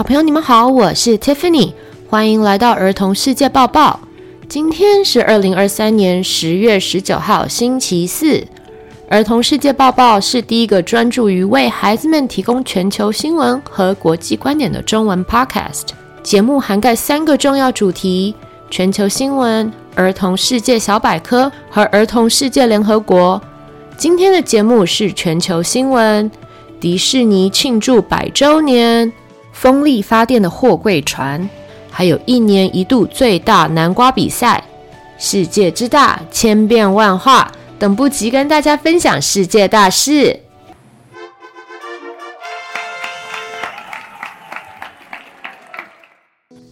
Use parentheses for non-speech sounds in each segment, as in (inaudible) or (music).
小朋友，你們好，我是 Tiffany，歡迎來到兒童世界報報。今天是二零二三年十月十九號，星期四。兒童世界報報是第一個專注於為孩子們提供全球新聞和國際觀點的中文 podcast 節目，涵蓋三個重要主題：全球新聞、兒童世界小百科和兒童世界聯合國。今天的節目是全球新聞，迪士尼慶祝百周年。風力發電的貨櫃船，還有一年一度最大南瓜比賽。世界之大，千變萬化，等不及跟大家分享世界大事。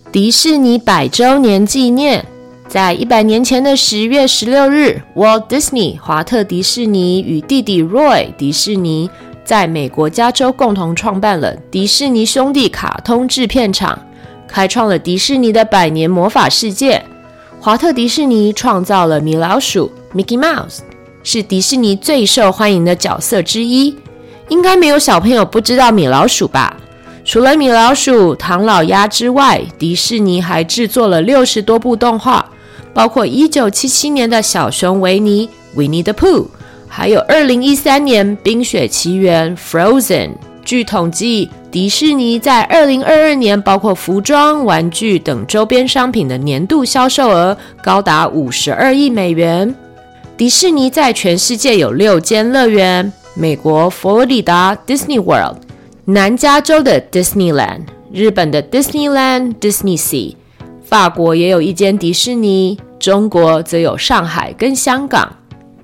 (laughs) 迪士尼百周年紀念，在一百年前的十月十六日，Walt Disney 華特·迪士尼與弟弟 Roy 迪士尼。在美國加州共同創辦了迪士尼兄弟卡通製片廠，開創了迪士尼的百年魔法世界。華特·迪士尼創造了米老鼠 （Mickey Mouse），是迪士尼最受歡迎的角色之一，應該沒有小朋友不知道米老鼠吧？除了米老鼠、唐老鴨之外，迪士尼還製作了六十多部動畫，包括一九七七年的小熊維尼 （Winnie the Pooh）。還有二零一三年《冰雪奇緣》Frozen。據統計，迪士尼在二零二二年包括服裝、玩具等周邊商品的年度銷售額高達五十二億美元。迪士尼在全世界有六間樂園：美國佛羅里達 Disney World、南加州的 Disneyland、日本的 Disneyland Disney Sea、法國也有一間迪士尼，中國則有上海跟香港。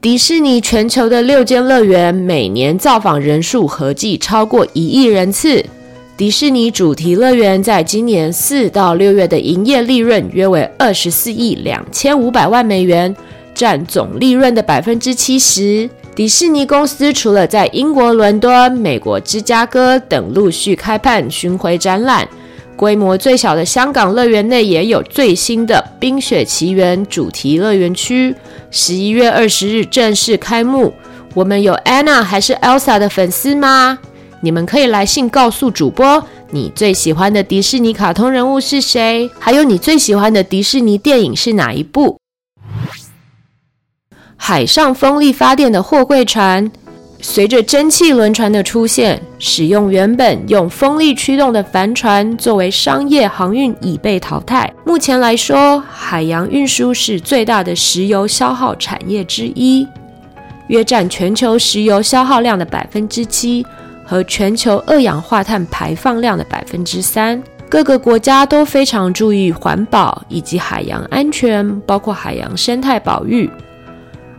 迪士尼全球的六間樂園每年造訪人數合計超過一億人次。迪士尼主題樂園在今年四到六月的營業利潤約為二十四億兩千五百萬美元，佔總利潤的百分之七十。迪士尼公司除了在英國倫敦、美國芝加哥等陸續開辦巡迴展覽。規模最小的香港樂園內也有最新的《冰雪奇緣》主題樂園區，十一月二十日正式開幕。我們有 Anna 還是 Elsa 的粉絲嗎？你們可以來信告訴主播，你最喜歡的迪士尼卡通人物是誰？還有你最喜歡的迪士尼電影是哪一部？海上風力發電的貨櫃船。隨着蒸汽輪船的出現，使用原本用風力驅動的帆船作為商業航運已被淘汰。目前來說，海洋運輸是最大的石油消耗產業之一，約佔全球石油消耗量的百分之七和全球二氧化碳排放量的百分之三。各個國家都非常注意環保以及海洋安全，包括海洋生態保育。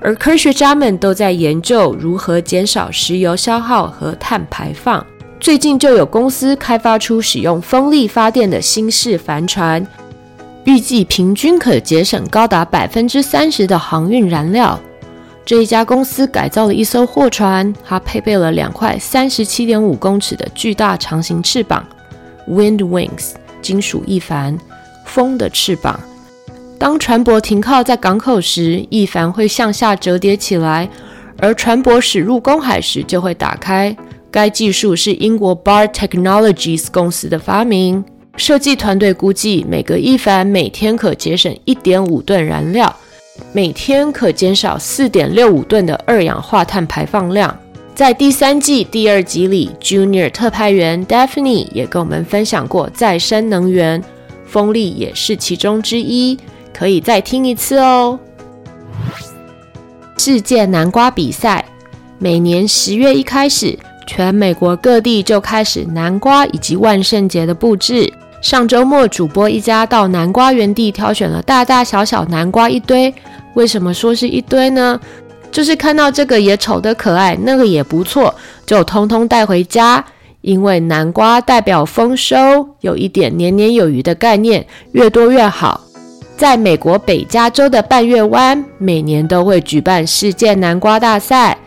而科學家們都在研究如何減少石油消耗和碳排放。最近就有公司開發出使用風力發電的新式帆船，預計平均可節省高達百分之三十的航運燃料。這一家公司改造了一艘貨船，它配備了兩塊三十七點五公尺的巨大長形翅膀 （Wind Wings，金屬翼帆，風的翅膀）。當船舶停靠在港口時，翼帆會向下折疊起來；而船舶駛入公海時就會打開。該技術是英國 BAR Technologies 公司的發明。設計團隊估計，每個翼帆每天可節省一點五噸燃料，每天可減少四點六五噸的二氧化碳排放量。在第三季第二集裡，Junior 特派員 Daphne 也跟我們分享過再生能源，風力也是其中之一。可以再聽一次哦。世界南瓜比賽每年十月一開始，全美國各地就開始南瓜以及萬聖節的布置。上周末主播一家到南瓜園地挑選了大大小小南瓜一堆。為什麼說是一堆呢？就是看到這個也醜得可愛，那個也不錯，就通通帶回家。因為南瓜代表豐收，有一點年年有餘的概念，越多越好。在美國北加州的半月灣，每年都會舉辦世界南瓜大賽。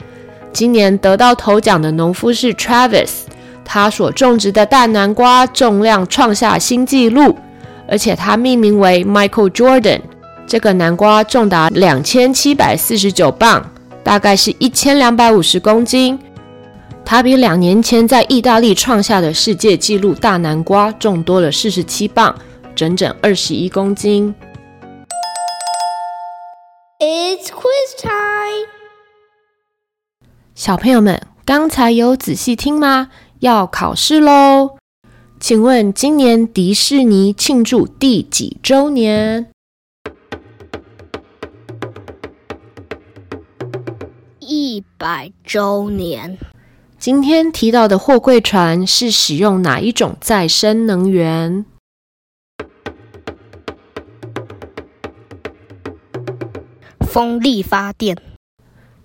今年得到頭獎的農夫是 Travis，他所種植的大南瓜重量創下新紀錄，而且他命名為 Michael Jordan。這個南瓜重達兩千七百四十九磅，大概是一千兩百五十公斤。它比兩年前在意大利創下的世界紀錄大南瓜重多了四十七磅，整整二十一公斤。小朋友們，剛才有仔細聽嗎？要考試嘍！請問，今年迪士尼慶祝第幾週年？一百週年。今天提到的貨櫃船是使用哪一種再生能源？風力發電。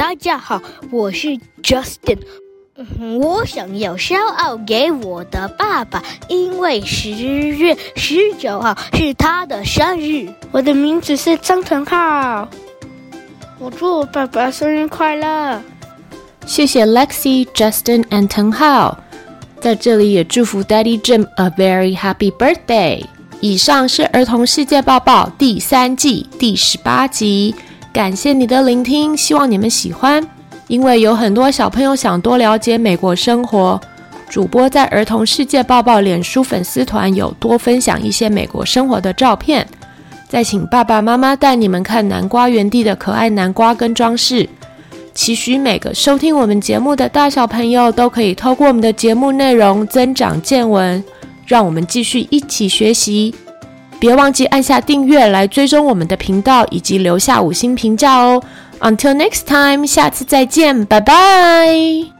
大家好，我是 Justin，我想要 shoutout 給我的爸爸，因為十月十九號是他的生日。我的名字是張騰浩，我祝我爸爸生日快樂。謝謝 Lexi、Justin and 騰浩，在這裡也祝福 Daddy Jim a very happy birthday。以上是兒童世界報報第三季第十八集。感謝你的聆聽，希望你們喜歡。因為有很多小朋友想多了解美國生活，主播在兒童世界報報臉書粉絲團有多分享一些美國生活的照片，再請爸爸媽媽帶你們看南瓜園地的可愛南瓜跟裝飾。期許每個收聽我們節目的大小朋友都可以透過我們的節目內容增長見聞，讓我們繼續一起學習。別忘記按下訂閱來追蹤我們的頻道，以及留下五星評價哦。Until next time，下次再見，拜拜。